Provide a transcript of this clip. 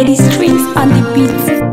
Lady Strings on the beat.